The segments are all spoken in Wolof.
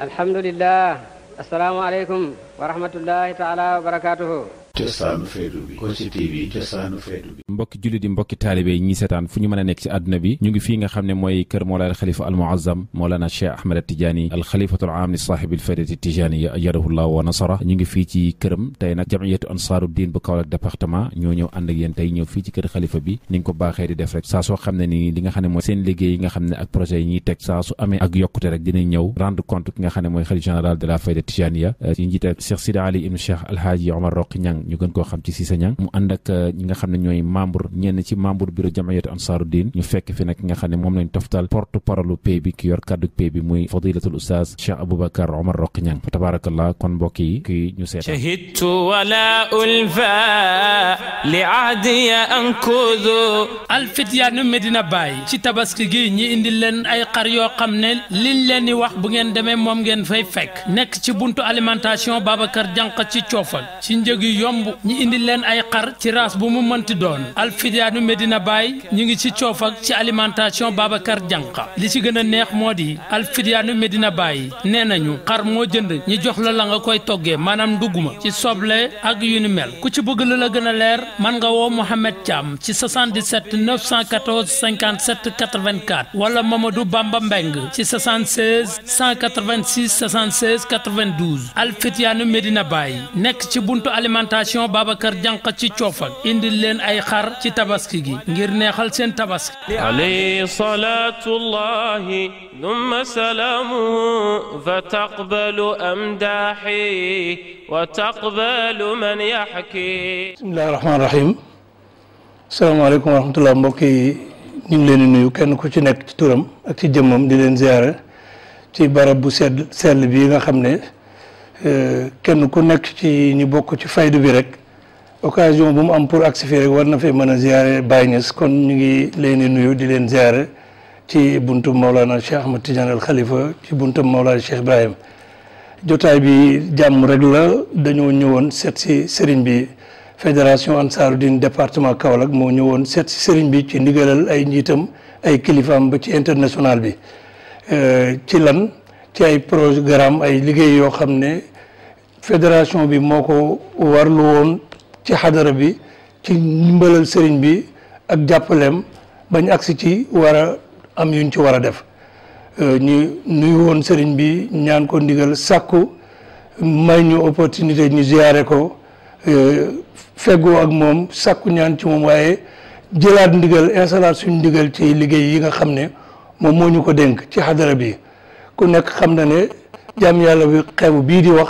الحمد لله السلام عليكم ورحمة الله تعالى وبركاته cosaanu feetu bi Kossy TV cosaanu feetu bi mbokki jullit yi mbokki taalibe yi ñi seetaan fu ñu mën a nekk ci àdduna bi ñu ngi fii nga xam ne mooy kër moolaa al xalifa al muazzam moolana cheikh ahmed al tijaani al xalifatu al aam li saahibil faydati tijaani ajadahullah wa nasara ñu ngi fii ci këram tey nag jamiyatu ansaaru diin bu Kaolack département ñoo ñëw ànd ak yéen tey ñëw fii ci kër xalifa bi ni nga ko baaxee di def rek saa soo xam ne nii li nga xam ne mooy seen liggéey yi nga xam ne ak projet yi ñuy teg saa su amee ak yokkute rek dinañ ñëw rendre compte ki nga xam ne mooy xalif général de la fayda tijaaniya ci njiite cheikh sida ali ibn cheikh alhaaji omar roqi ñang ñu gën ko xam ci Cissé Niang mu and ak euh, ñi nga xam ne ñooy membre ñen ci membre bureau jamaiyatu ansaruddin ñu fekk fi nak nga xam ne moom lañ toftal porte parole pay bi ki yor kàddu pay bi muy fadilatul ustaz Cheikh abubakar Omar Roq Niang tabarakallah kon mbokk yi ki ñu seet shahidtu wala ulfa li ahdiya ankudu fityanu Medina bay ci tabaski gi ñi indi len ay xar yo xamne liñ leen wax bu ngeen demee mom ngeen fay fekk nek ci buntu alimentation babakar jank ci ciofal ci njëg yu yomb ñu indi leen ay xar ci race bu mu mënti doon alfidiaanu Medina Baye ñu ngi ci coof ak ci alimentation Babacar Dianka li ci gën a neex moo di alfidiaanu Medina bàyyi nee nañu xar moo jënd ñu jox la la nga koy toggee maanaam nduguma ci soble ak yu ni mel ku ci bëgg la la gën a leer man nga woo Mouhamed Thiam ci 77 914 57 84 wala Mamadou Bamba Mbeng ci 76 186 76 92 alfidiaanu Medina Baye nekk ci buntu alimentation. fondation Babacar Jànq ci coofak indil leen ay xar ci tabaski gi ngir neexal seen tabaski alayhi salaatullahi thumma salaamuhu fa taqbalu amdaahi wa taqbalu man yaxki bismillahi rahmaani rahim asalaamaaleykum wa rahmatullah mbokk yi ñu ngi leen di nuyu kenn ku ci nekk ci turam ak ci jëmmam di leen ziyaare ci barab bu sedd sell bii nga xam ne Eh, kenn ku nekk ci ñi bokk ci faydu bi rek occasion bu mu am pour agsi fii rek war na fee mën a ziare Baye Niass kon ñu ngi leen di nuyu di leen ziare ci buntu Maulana Cheikh Ahmad Tidiane Khalifa ci buntu Maulana Cheikh Ibrahim jotaay bi jàmm rek la dañoo ñëwoon seet si sëriñ bi fédération Ansaarud-Din département Kaolack moo ñëwoon seet si sëriñ bi ci ndigalal ay njiitam ay kilifaam ba ci international bi eh, ci lan. ci ay programme ay liggéey yoo xam ne fédération bi moo ko warlu woon ci xadara bi ci ndimbalal sëriñ bi ak jàppaleem bañ agsi ci war a am yuñ ci war a def euh, ñu nuyu woon sëriñ bi ñaan ko ndigal sàkku may ñu opportunité ñu ziyaare ko euh, feggoo ak moom sàkku ñaan ci moom waaye jëlaat ndigal installation suñu ndigal ci liggéey yi nga xam ne moom moo ñu ko dénk ci xadara bi ku nekk xam na ne jàmm yàlla bi xew bii di wax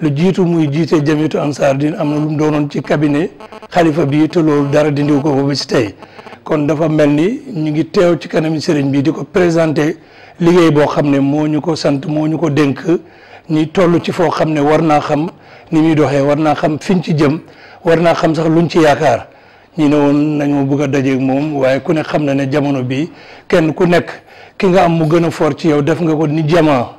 lu jiitu muy jiite jamitu ansaar dina am na lu mu doonoon ci cabinet xalifa bii te loolu dara dindiw ko ba ba si tey kon dafa mel ni ñu ngi teew ci kanam sëriñ bi di ko présenté liggéey boo xam ne moo ñu ko sant moo ñu ko dénk ñi toll ci foo xam ne war naa xam ni muy doxee war naa xam fiñ ci jëm war naa xam sax luñ ci yaakaar ñi ne woon nañu bëgg a dajeeg moom waaye ku ne xam na ne jamono bi kenn ku nekk ki nga am mu gën a foor ci yow def nga ko ni jamaa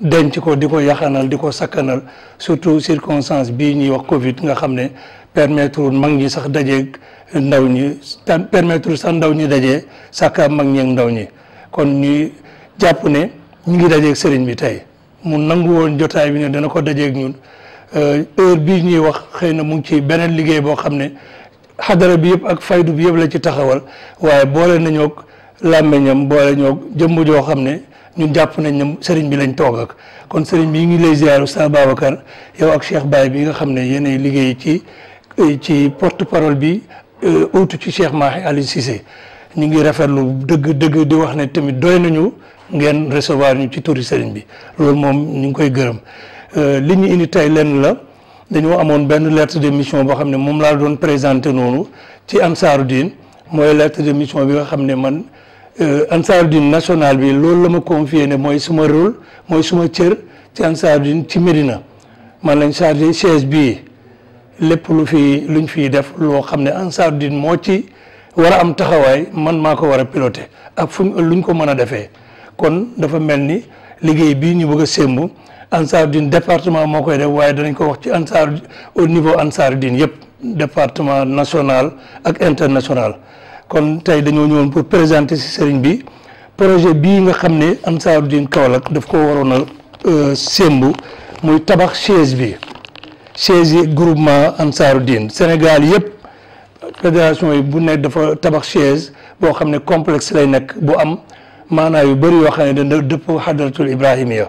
denc ko di ko yaxanal di ko sakkanal surtout circonstance bii ñuy wax Covid nga xam ne permettre mag ñi sax daje ndaw ñi permettre sax ndaw ñi daje sakka mag ñi ak ndaw ñi kon ñuy jàpp ne ñu ngi dajeeg sëriñ bi tey mu nangu woon jotaay bi ñu dana ko dajeeg ñun euh, heure bi ñuy wax xëy na mu ngi ci beneen liggéey boo xam ne xadara bi yëpp ak faydu bi yëpp la ci taxawal waaye boole nañoo làmmiñam boole ñoo jëmm joo xam ne ñun jàpp nañ ne sëriñ bi lañ toog ak kon sëriñ bi ngi lay ziaru sa Babacar yow ak Cheikh Baye bi nga xam ne yéenay liggéey ci ci porte parole bi euh, uutu ci Cheikh Mahi Aliou Cissé ñu ngi rafetlu dëgg dëgg di wax ne tamit doy nañu ngeen recevoir ñu ci turi sëriñ bi loolu moom ñu ngi koy gërëm euh, li ñu indi tey lenn la dañoo amoon benn lettre de mission boo xam ne moom laa doon présenté noonu ci am Ansaaru Diin mooy lettre bi nga xam ne man. Euh, Ansaarud-Din national bi loolu la ma confié ne mooy suma rôle mooy suma cër ci Ansaarud-Din ci Médina man lañ chargé chaise bii lépp lu fi luñ fiy def loo xam ne Ansaarud-Din moo ci war a am taxawaay man maa ko war a piloté ak fu luñ ko mën a defee kon dafa mel ni liggéey bii ñu bëgg a sémb Ansaarud-Din département moo koy def waaye danañ ko wax ci Ansaar au niveau Ansaarud-Din yëpp département national ak international kon tey dañoo ñëwoon pour présenter ci sëriñ bi projet bii nga xam ne Ansaarud-Din Kaolack daf ko waroon a euh, sémb muy tabax chaise bi chaise yi groupement Ansaarud-Din Sénégal yëpp fédération yi bu nekk dafa tabax chaise boo xam ne complexe lay nekk bu am maanaa yu bëri yoo xam ne dana dëpp xadratul ibrahimiya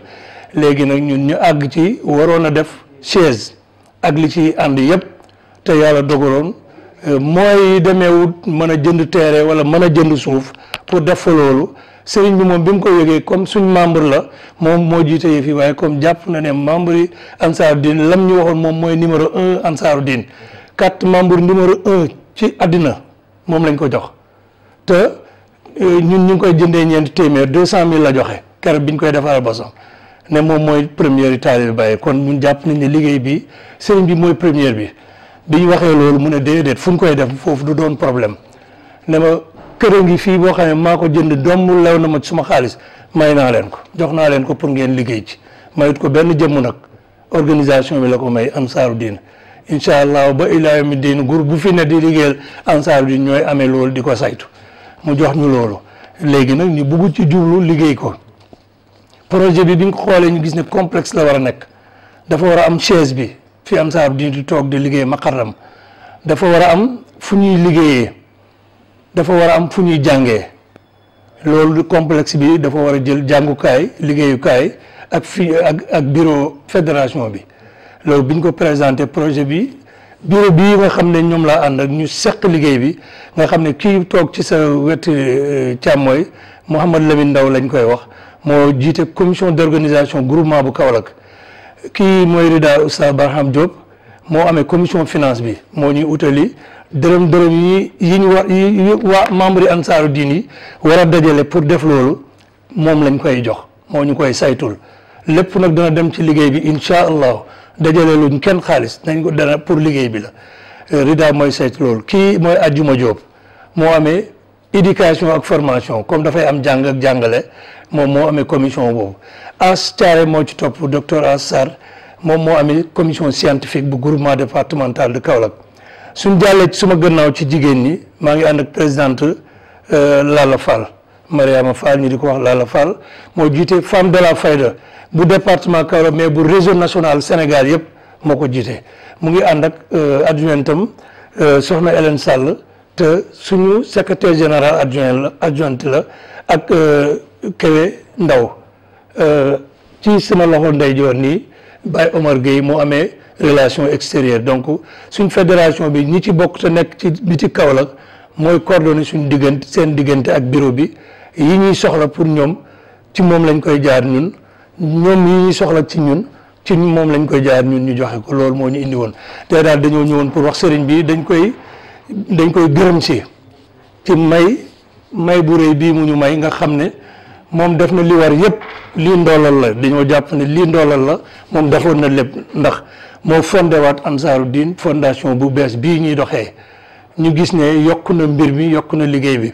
léegi nag ñun ñu àgg ci waroon a def chaise ak li ci ànd yëpp te yàlla dogaloon mooy demeewut mën a jënd terre wala man a jënd suuf pour def fa loolu sëriñ bi moom bi mu ko yëgee comme suñ membre la moom moo jiite yi waaye comme jàpp na ne membre yi ansaaru diin ñu waxoon moom mooy numéro un ansaaru quatre membre numéro ci àddina moom lañ ko jox te euh, ñun ñu ngi koy jëndee ñeenti téeméer deux cent mille la joxe keroog biñ koy defaral bosom ne moom mooy première yi taalibe Baye kon ñun jàpp nañ ne liggéey bi sëriñ bi mooy première bi biñ waxee loolu mu ne déedéet fu ñu koy def foofu du doon problème ne ma kër a ngi fii boo xam maa ko jënd doom law na ma suma xaalis may naa leen ko jox naa leen ko pour ngeen liggéey ci mayut ko benn jëmm nag organisation bi la ko may ansaaru diin incha allah ba ilaa yawmi diin gur bu fi ne di liggéeyal ansaaru diin ñooy amee loolu di ko saytu mu jox ñu loolu léegi nag ñu bugg ci jublu liggéey ko projet bi bi nga ko xoolee ñu gis ne complexe la war a nekk dafa war a am chaise bi fi ansaar di di toog di liggéey maqaram dafa war a am fu ñuy liggéeyee dafa war a am fu ñuy jànge loolu complexe bi dafa war a jël jàngukaay liggéeyukaay ak fi ak ak bureau fédération bi loolu bi ñu ko présenté projet bi bureau bii nga xam ne ñoom laa ànd ak ñu seq liggéey bi nga xam ne kii toog ci sa wet euh, càmmooy Mouhamad Lamine Ndaw lañ koy wax moo jiite commission d'organisation groupement bu Kaolack kii mooy Rida Oustaz Barham Diop moo amee commission finance bi moo ñuy utali dërëm dërëm yi yi ñu war yi waa membre yi ansaaru diin yi war a dajale pour def loolu moom lañ koy jox moo ñu koy saytul lépp nag dana dem ci liggéey bi incha allah dajale luñ kenn xaalis nañ ko dana pour liggéey bi la Rida mooy saytu loolu kii mooy Ajjuma Diop moo amee. éducation ak formation comme dafay am jàng jàngale moom moo amee commission boobu As Thiaré moo ci topp docteur As Sarr moom moo amee commission scientifique bu groupement départemental de Kaolack suñ jàllee suma gannaaw ci jigéen ñi maa ngi ànd ak présidente euh, Lalla Fall Mariama Fall ñu di ko wax Lalla Fall moo jiite femme de la fayde bu département Kaolack mais bu réseau national Sénégal yëpp moo ko jiite mu ngi ànd ak euh, adjointam euh, soxna Hélène Sall te suñu secretaire général adjoint la adjointe la ak euh, Kewe Ndaw euh, ci sama loxo ndey joor nii Baye Omar Gueye moo amee relation extérieure donc suñu fédération bi ñi ci bokk sa nekk ci bi ci Kaolack mooy coordonné suñu diggante seen diggante ak bureau bi yi ñuy soxla pour ñoom ci moom lañ koy jaar ñun ñoom yi ñuy soxla ci ñun ci moom lañ koy jaar ñun ñu joxe ko loolu moo ñu indi woon te daal dañoo ñëwoon pour wax sëriñ bi dañ koy dañ koy gërëm ci ci may may bu rëy bii mu ñu may nga xam ne moom def na li war yépp lii ndoolal la dañoo jàpp ne lii ndoolal la moom defoon na lépp ndax moo fondé waat ansaaru diin fondation bu bees bii ñuy doxee ñu gis ne yokk na mbir bi yokk na liggéey bi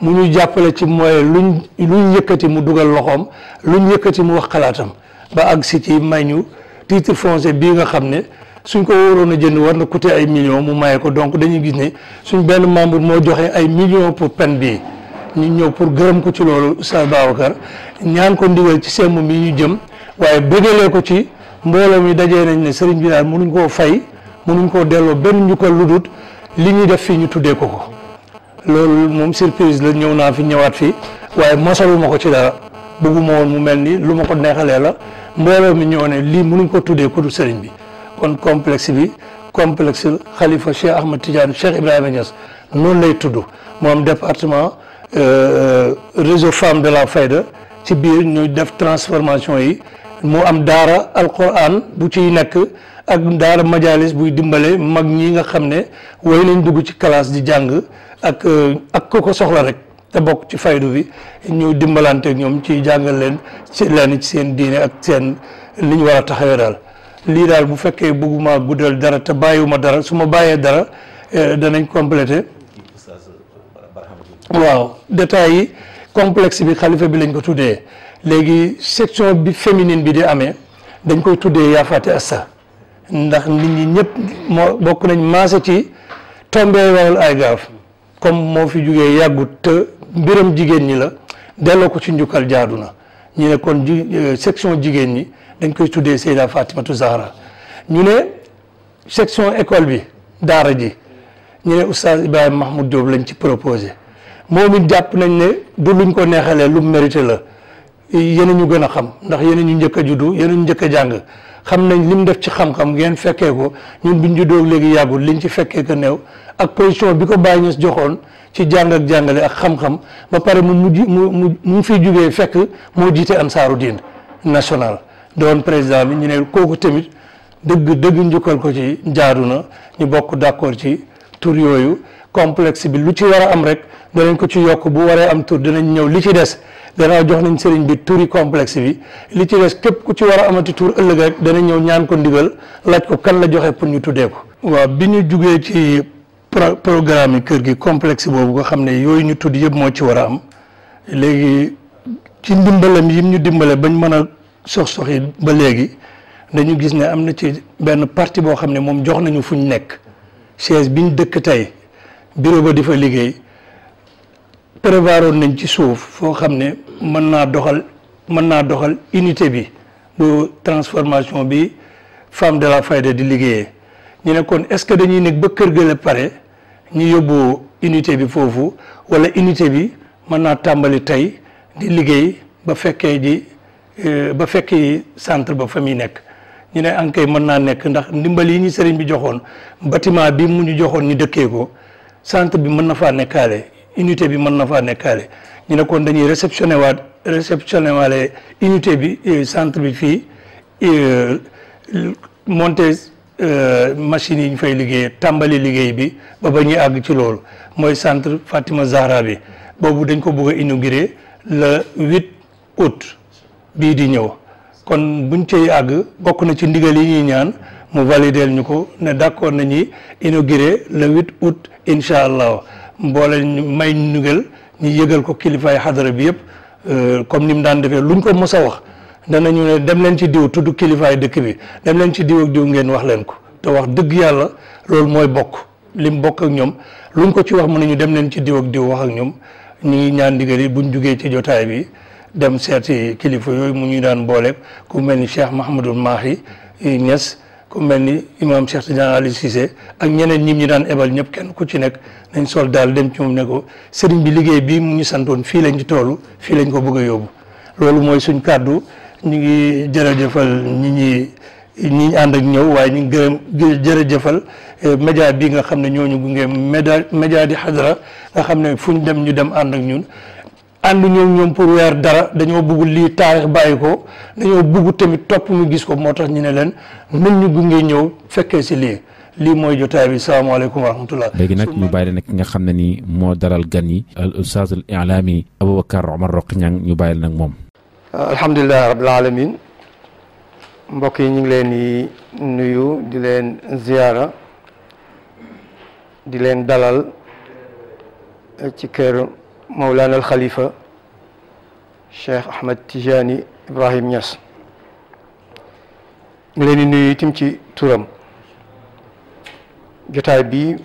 mu ñu jàppale ci mooy luñ luñ yëkkati mu dugal loxoom lu luñ yëkkati mu wax xalaatam ba àgg ci may ñu titre foncier bii nga xam ne suñ ko waroon a jënd war na coûter ay millions mu maye ko donc dañuy gis ne suñ benn membre moo joxe ay million pour peine bii ñu ñëw pour gërëm ko ci loolu Oustaz Babacar ñaan ko ndigal ci semb mi ñu jëm waaye bëggalee ko ci mbooloo mi dajee nañ ne sëriñ bi daal mënuñ koo fay mënuñ koo delloo benn njukkal lu li ñuy def fii ñu tuddee ko ko loolu moom surprise la ñëw naa fi ñëwaat fii waaye masaluma ko ci dara bëgguma woon mu mel ni lu ma ko neexalee la mbooloo mi ñoo ne lii mënuñ ko tuddee ko du bi kon complexe bi complex xalifa Cheikh Ahmad Tidiane Cheikh Ibrahima Niass noonu lay tudd moo moom département euh, réseau femme de la Fayda ci biir ñu def transformation yi mu am daara alquran bu ciy nekk ak daara majalis buy dimbale mag ñi nga xam ne way nañ dugg ci classe di jàng ak euh, ak ku ko soxla rek te bokk ci faydu bi ñu dimbalante ñoom ci jàngal leen ci leen ci seen diine ak seen li ñu war a taxawee daal lii daal bu fekkee bëgguma guddal dara te bàyyiwuma dara su ma bàyyee dara eh, danañ complété waaw détails yi complexe bi xalifa bi lañ ko tuddee léegi section bi féminine bi di amee dañ koy tuddee yaafaati asta ndax nit ñi ñëpp moo bokk nañ maase ci tombee waral ay gaaf comme moo fi jugee yàggut te mbiram jigéen ñi la delloo ko ci njukkal jaadu na ñu ne kon ji eh, section jigéen ñi dañ koy tuddee Seyda Fatimatu Zahra ñu ne section école bi daara ji ñu ne oustaz Ibrahima Mahmoud Diop lañ ci proposé moom it jàpp nañ ne du luñ ko neexalee lu mu mérité la yéen ñu gën a xam ndax yeneen ñu njëkk a juddu yéen ñu njëkk a jàng xam nañ li mu def ci xam-xam ngeen fekkee ko ñun biñ juddoo léegi yàggul liñ ci fekkee ko néew ak position bi ko Baye Niass joxoon ci jàng ak jàngale ak xam-xam ba pare mu mujj mu mu mu fi jugee fekk moo jiite ansaaru diin national. doon président bi ñu ne kooku tamit dëgg dëgg njukkal ko ci jaaru na ñu bokk d'accord ci tur yooyu complexe bi lu ci war a am rek danañ ko ci yokk bu waree am tur danañ ñëw li ci des gannaaw jox nañ sëriñ bi turi complexe bi li ci des képp ku ci war a amati tur ëllëg rek danañ ñëw ñaan ko ndigal laaj ko kan la joxe pour ñu tuddee ko. waaw bi ñu jugee ci programme yi kër gi complexe boobu nga xam ne yooyu ñu tudd yëpp moo ci war a am léegi ci ndimbalam yim ñu dimbale bañ mën a. sox-sox yi ba léegi dañu gis ne am na ci benn partie boo xam ne moom jox nañu fuñ nekk chaise biñ dëkk tey bureau ba di fa liggéey prévoir prévoiroon nañ ci suuf foo xam ne mën naa doxal mën naa doxal unité bi bu transformation bi femme de la fayda di liggéeyee ñu ne kon ce que dañuy nekk ba kër gële pare ñu yóbbu unité bi foofu walla unité bi mën naa tàmbali tey di liggéey ba fekkee ji Euh, ba fekki centre ba fa muy nekk ñu ne ankay mën naa nekk ndax ndimbal yi ñu sëriñ bi joxoon bâtiment bi mu ñu joxoon ñu dëkkee ko centre bi mën na faa nekkaale unité bi mën na faa nekkaale ñu ne kon dañuy réceptionné waat réceptionné waale unité bi euh, centre bi fii euh, monté machines yi ñu fay liggéey tàmbali liggéey bi ba ba ñuy àgg ci loolu mooy centre Fatima Zahra bi boobu dañ ko bëgg a inauguré le 8 août bii di ñëw kon buñ cay àgg bokk na ci ndigal yi ñuy ñaan mu valideel ñu ko ne d'accord nañuy inauguré la 8 août incha allah mboole may ndigal ñu yëgal ko kilifaay xadara bi yëpp euh, comme ni mu daan defee lu luñ ko mos wax wax danañu ne dem leen ci diw tudd kilifaay dëkk bi dem leen ci diw ak diw ngeen wax leen ko te wax dëgg yàlla loolu mooy bokk li mu bokk ak ñoom luñ ko ci wax mu ne ñu dem leen ci diw ak diw wax ak ñoom ñu ngi ñaan ndigal yi buñ jugee ci jotaay bi. dem seeti kilifa yooyu mu ñuy daan boole ku mel ni Cheikh Mahamadul Mahi eh, Niass ku mel ni imam Cheikh Tidiane Ali Cissé ak ñeneen ñi ñu daan ebal ñëpp kenn ku ci nekk nañ sol dem ci moom ne ko sëriñ bi liggéey bii mu ñu santoon fii lañ ci toll fii lañ ko bëgg a yóbbu loolu mooy suñ kàddu ñu ngi jërëjëfal ñu ñi ñi ànd ak ñëw waaye ñu ngi gërëm jërëjëfal eh, média bii nga xam ne ñooñu gunge média média di xadra nga xam ne fu ñu dem ñu dem ànd ak ñun ànd ñoom ñoom pour weer dara dañoo bugg lii taarix bàyyi ko dañoo bugg tamit topp mu gis ko moo tax ñu ne leen mën ñu gunge ñëw fekkee si lii lii mooy jotaay bi salaamaaleykum wa rahmatullah léegi nag ñu bàyyi la nag ki nga xam ne nii moo daral gan yi al ustaaz al ilaami Aboubacar Omar Roqi Niang ñu bàyyi nag moom ah, alhamdulilah mbokk yi ñu ngi leen di nuyu di leen di leen dalal ci kër Mawlana al Khalifa Cheikh Ahmed Tijani Ibrahim Niass ngi leen di nuyu itam ci turam jotaay bii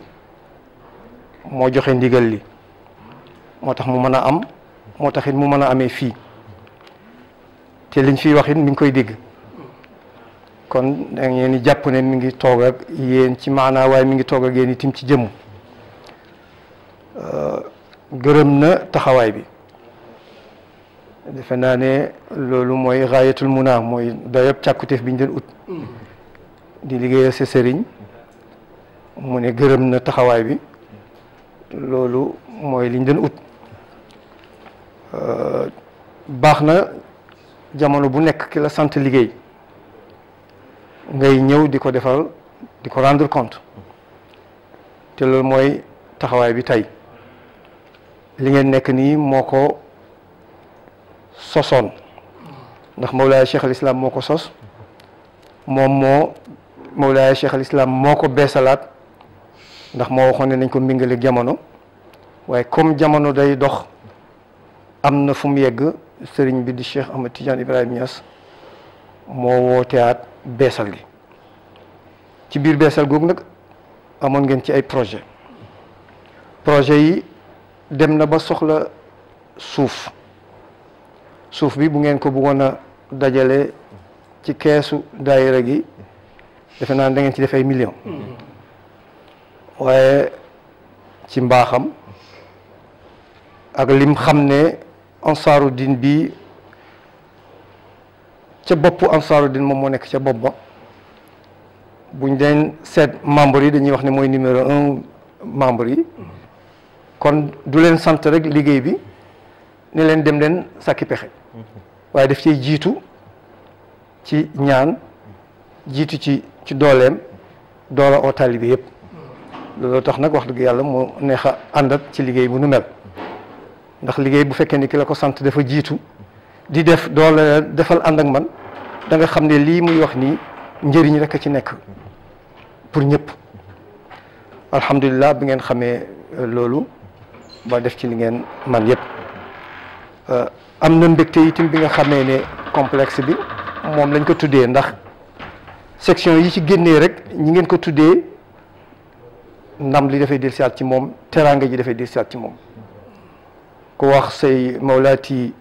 moo joxe ndigal li moo tax mu mën a am moo tax it mu mën a amee fii te liñ fiy wax it mi koy dégg kon da ngeen di jàpp ne mi ngi toog ak yéen ci maanaa waaye mi ngi toog ak yéen itam ci jëmm gërëm na taxawaay bi defe naa ne loolu mooy raayatul muna mooy dayob càkkutéef bi ñu doon ut di liggéeyal sa sëriñ mu ne gërëm na taxawaay bi loolu mooy liñ den ut euh, baax na jamono bu nekk ki la sant liggéey ngay ñëw di ko defal di ko rendre compte te loolu mooy taxawaay bi tey li ngeen nekk nii moo ko sosoon ndax Mawlaaya Cheikh al Islam moo ko sos moom moo Mawlaaya Cheikh al Islam moo ko beesalaat ndax moo waxoon ne nañ ko mbingale jamono waaye comme jamono day dox am na fu mu yegg sëriñ bi di Cheikh Ahmad Tidiane Ibrahima Niass moo wooteaat beesal gi ci biir beesal googu nag amoon ngeen ci ay projet projet yi dem na ba soxla suuf suuf bi bu ngeen ko bëggoon a dajale ci keesu daayira gi defe naa da ngeen ci def ay million waaye ci mbaaxam ak lim xam ne ansaaru din bi ca boppu ansaaru din moom moo nekk ca bopp ba buñ den seet membre yi dañuy wax ne mooy numéro un membre yi kon du leen sant rek liggéey bi ne leen dem leen sàkki pexe waaye def ciy jiitu ci ñaan jiitu ci ci dooleem doola oo taalibe yëpp looloo tax nag wax dëgg yàlla moo neex a ànd ak ci liggéey bu nu mel ndax liggéey bu fekkee ni ki la ko sant dafa jiitu di def doola defal ànd ak man da nga xam ne lii muy wax nii njëriñ rek a ci nekk pour ñëpp alhamdulilah bi ngeen xamee loolu ba def ci li ngeen man yëpp euh, am na mbégte itam bi nga xamee ne complexe bi moom lañ ko tuddee ndax section yi ci génnee rek ñi ngeen ko tuddee ndam li dafay dellusiwaat ci moom teraanga ji dafay dellusiwaat ci moom ku wax say mawlaati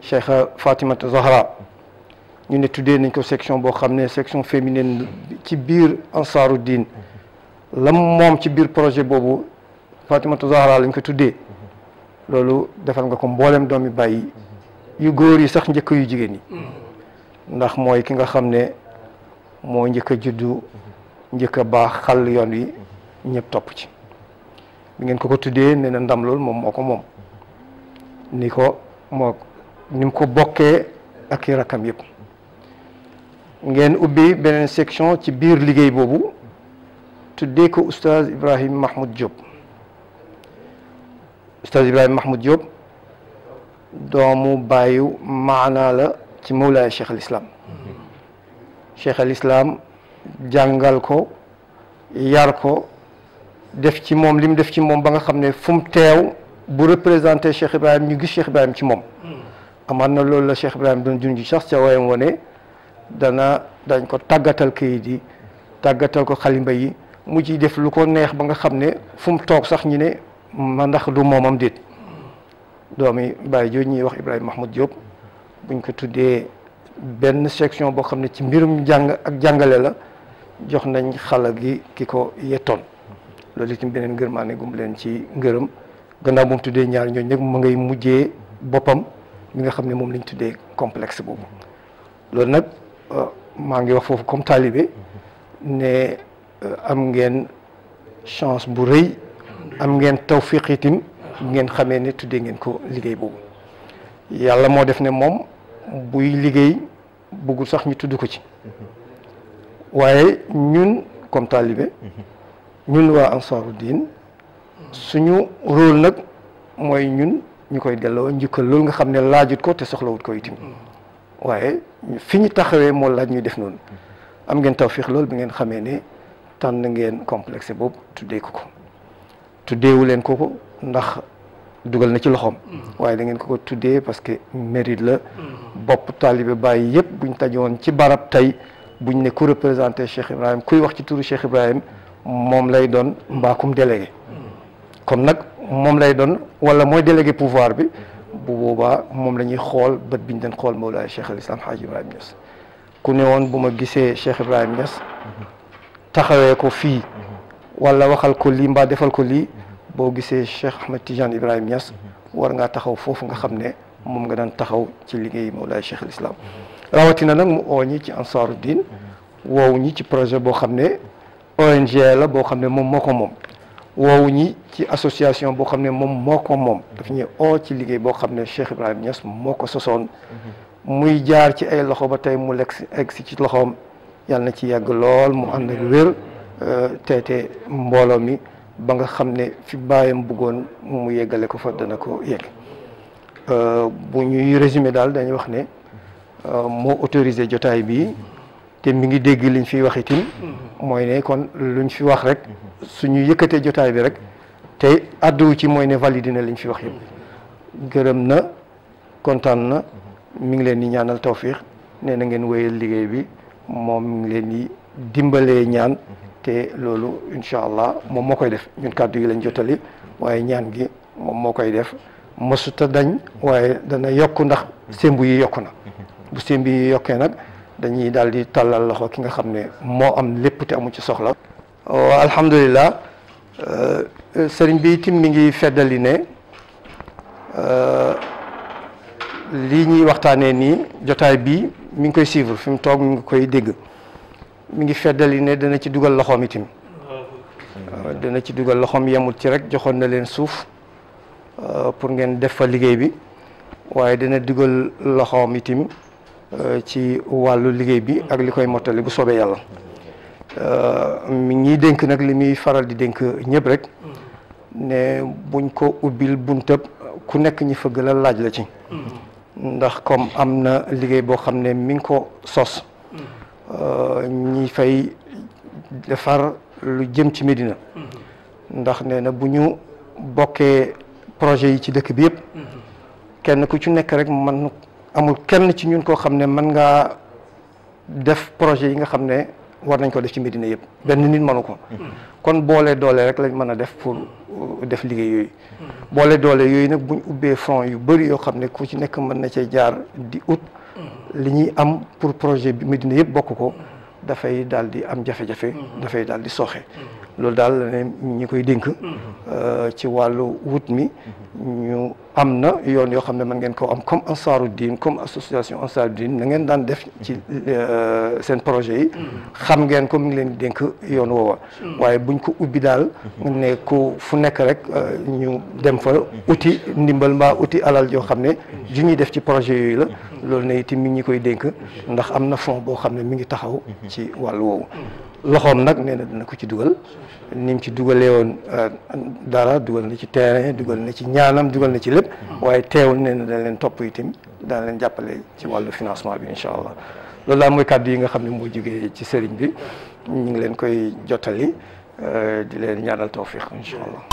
Cheikh Fatimata Zahra ñu ne tuddee nañ ko section boo xam ne section féminine ci biir ansaaru diin la moom ci biir projet boobu Fatimatu Zahra lañ ko tuddee loolu defal nga ko mboolem doomi bàyyi yu góor yi sax njëkk yu jigéen yi ndax mooy ki nga xam ne moo njëkk a juddu njëkk a baax xàll yoon wi ñëpp topp ci bi ngeen ko ko tuddee nee ndam loolu moom moo ko moom ni ko moo ko bokkee ak i rakkam yëpp ngeen ubbi beneen section ci biir liggéey boobu tuddee ko oustaz Ibrahim Mahmoud Diop Oustaz Ibrahima Mahmoud Diop doomu bàyyiw maanaa la ci mawlaay Cheikh al Islam Cheikh jàngal ko yar ko def ci moom li mu def ci moom ba nga xam ne fu mu teew bu représenté Cheikh Ibrahima ñu gis Cheikh Ibrahima ci moom amaat na loolu la Cheikh Ibrahima doon junj sax ca wayam wane dana dañ ko tàggatal kayit yi tàggatal ko xalimba yi mu ci def lu ko neex ba nga xam ne fu toog sax ñu ne ma ndax lu moomam déet doomi Baye jooju ñuy wax Ibrahima Mahmoud Diop buñ ko tuddee benn section boo xam ne ci mbirum jàng ak jàngale la jox nañ xala gi ki ko yettoon loolu itam beneen ngërmaane gum leen ci ngërëm gannaaw moom tuddee ñaar ñooñu nag mu ngay mujjee boppam mi nga xam ne moom lañ tuddee complexe boobu loolu nag euh, maa ngi wax foofu comme taalibe ne euh, am ngeen chance bu rëy am ngeen tawfiq itim ngeen xamee ne tuddee ngeen ko liggéey boobu yàlla moo def ne moom buy liggéey bëggul sax ñu tudd ko ci waaye ñun comme taalibe ñun waa ansaaru diin suñu rôle nag mooy ñun ñu koy delloo njukkal loolu nga xam ne laajut ko te soxlawut ko itim waaye fi ñu taxawee moo laaj ñuy def noonu am ngeen tawfiq loolu bi ngeen xamee ne tànn ngeen complexe boobu tuddee ko ko tuddeewu leen ko ko ndax dugal na ci loxoom. Mm-hmm. waaye da ngeen ko ko tuddee parce que mérit la. Mm-hmm. bopp taalibe bàyyi yëpp buñ tajoon ci barab tey buñ ne ku représenté Cheikh Ibrahim kuy wax ci turu Cheikh Ibrahim moom lay doon mbaakum délégué. comme mm-hmm. nag moom lay doon wala mooy délégué pouvoir bi bu boobaa moom la ñuy xool bët biñ doon xool Mawlaay Cheikh al Islam Haaj Ibrahim Niass ku ne woon bu ma gisee Cheikh Ibrahim Niass taxawee ko fii. wala waxal ko lii mbaa defal ko lii boo gisee Cheikh Ahmed Tidiane Ibrahima ñas war ngaa taxaw foofu nga xam ne moom nga daan taxaw ci liggéey Mawlaay Cheikh al Islam rawatina nag mu oo ñi ci ansaaru diin woowu ñi ci projet boo xam ne ONG la boo xam ne moom moo ko moom woowu ñi ci association boo xam ne moom moo ko moom daf ñuy oo ci liggéey boo xam ne Cheikh Ibrahima Niass moo ko sosoon muy jaar ci ay loxo ba tey mu lekk si egg si ci loxoom yàlla na ci yàgg lool mu teete euh, mbooloo mi ba nga xam ne fi baayam bëggoon mu yeggale ko fa dana ko yegg euh, bu ñuy résumé daal dañuy wax ne euh, moo autorisé jotaay bi te mi ngi dégg liñ fiy wax mooy ne kon luñ fi wax rek suñu yëkkatee jotaay bi rek te àdduwu ci mooy ne validé na liñ fi wax yëpp gërëm na kontaan na mu ngi leen di ñaanal tawfiix nee na ngeen wéyal liggéey bi moom mi ngi leen di dimbalee ñaan te loolu incha allah moom moo koy def ñun kàddu yi lañ jotali waaye ñaan gi moom moo koy def mësuta dañ waaye dana yokk ndax sémbu yi yokku na bu sémbu yi yokkee nag dañuy daal di tàllal loxo ki nga xam ne moo am lépp te amu ci soxla alhamdulilah euh, sëriñ bi itam mi ngi feddali ne euh, lii ñuy waxtaanee nii jotaay bii mi ngi koy suivre fi mu toog mi ngi koy dégg mi ngi feddali ne dana ci dugal loxoom itam dana ci dugal loxoom yemul ci rek joxoon na leen suuf euh, pour ngeen def fa liggéey bi waaye dana dugal loxoom itim euh, ci wàllu liggéey bi ak li koy mottali bu soobee yàlla euh, mi ñi dénk nag li muy faral di dénk ñëpp rek ne buñ ko ubbil buntab ku nekk ñi fëgg la laaj la ci mm-hmm. ndax comme am na liggéey boo xam ne mi ngi ko sos Euh, ñi fay defar lu jëm ci Médina ndax nee na bu ñu bokkee projet yi ci dëkk bi yëpp kenn ku ci nekk rek man amul kenn ci ñun koo xam ne man ngaa def projet yi nga xam ne war nañ ko def ci Médina yëpp benn nit mënu ko kon boole doole rek lañ mën a def pour euh, def liggéey yooyu boole doole yooyu nag buñ ubbee front yu bëri yoo xam ne ku ci nekk mën na cee jaar di ut li ñuy am pour projet bi Medina yëpp bokk ko dafay dal di am jafe-jafe dafay daal di sooxe loolu daal ne ñi koy dénk mm-hmm. euh, ci wàllu wut mi ñu am na yoon yoo xam ne mën ngeen koo am comme ansaaru diin comme association ansaaru diin na ngeen daan def ci euh, seen projet yi mm. xam ngeen ko mi ngi leen dénk yoon woowa mm. waaye buñ ko ubbi daal mm-hmm. ne ku fu nekk rek euh, ñu dem fa mm-hmm. uti ndimbal mbaa uti alal yoo xam ne mm-hmm. ju ñuy def ci projet yooyu la loolu ne itam mi ñi koy dénk ndax am na fond boo xam ne mi ngi taxaw ci wàll woowu loxoom nag nee dina ko ci dugal ni mu ci dugalee woon euh, dara dugal na ci terrain dugal na ci ñaanam dugal na ci lépp waaye teewul nee da leen topp yitim daan leen jàppale ci wàllu financement bi incha allah loolu daal mooy kàddu yi nga xam ne moo jógee ci sëriñ bi ñu ngi leen koy jottali euh, di leen ñaanal tawfiq incha allah.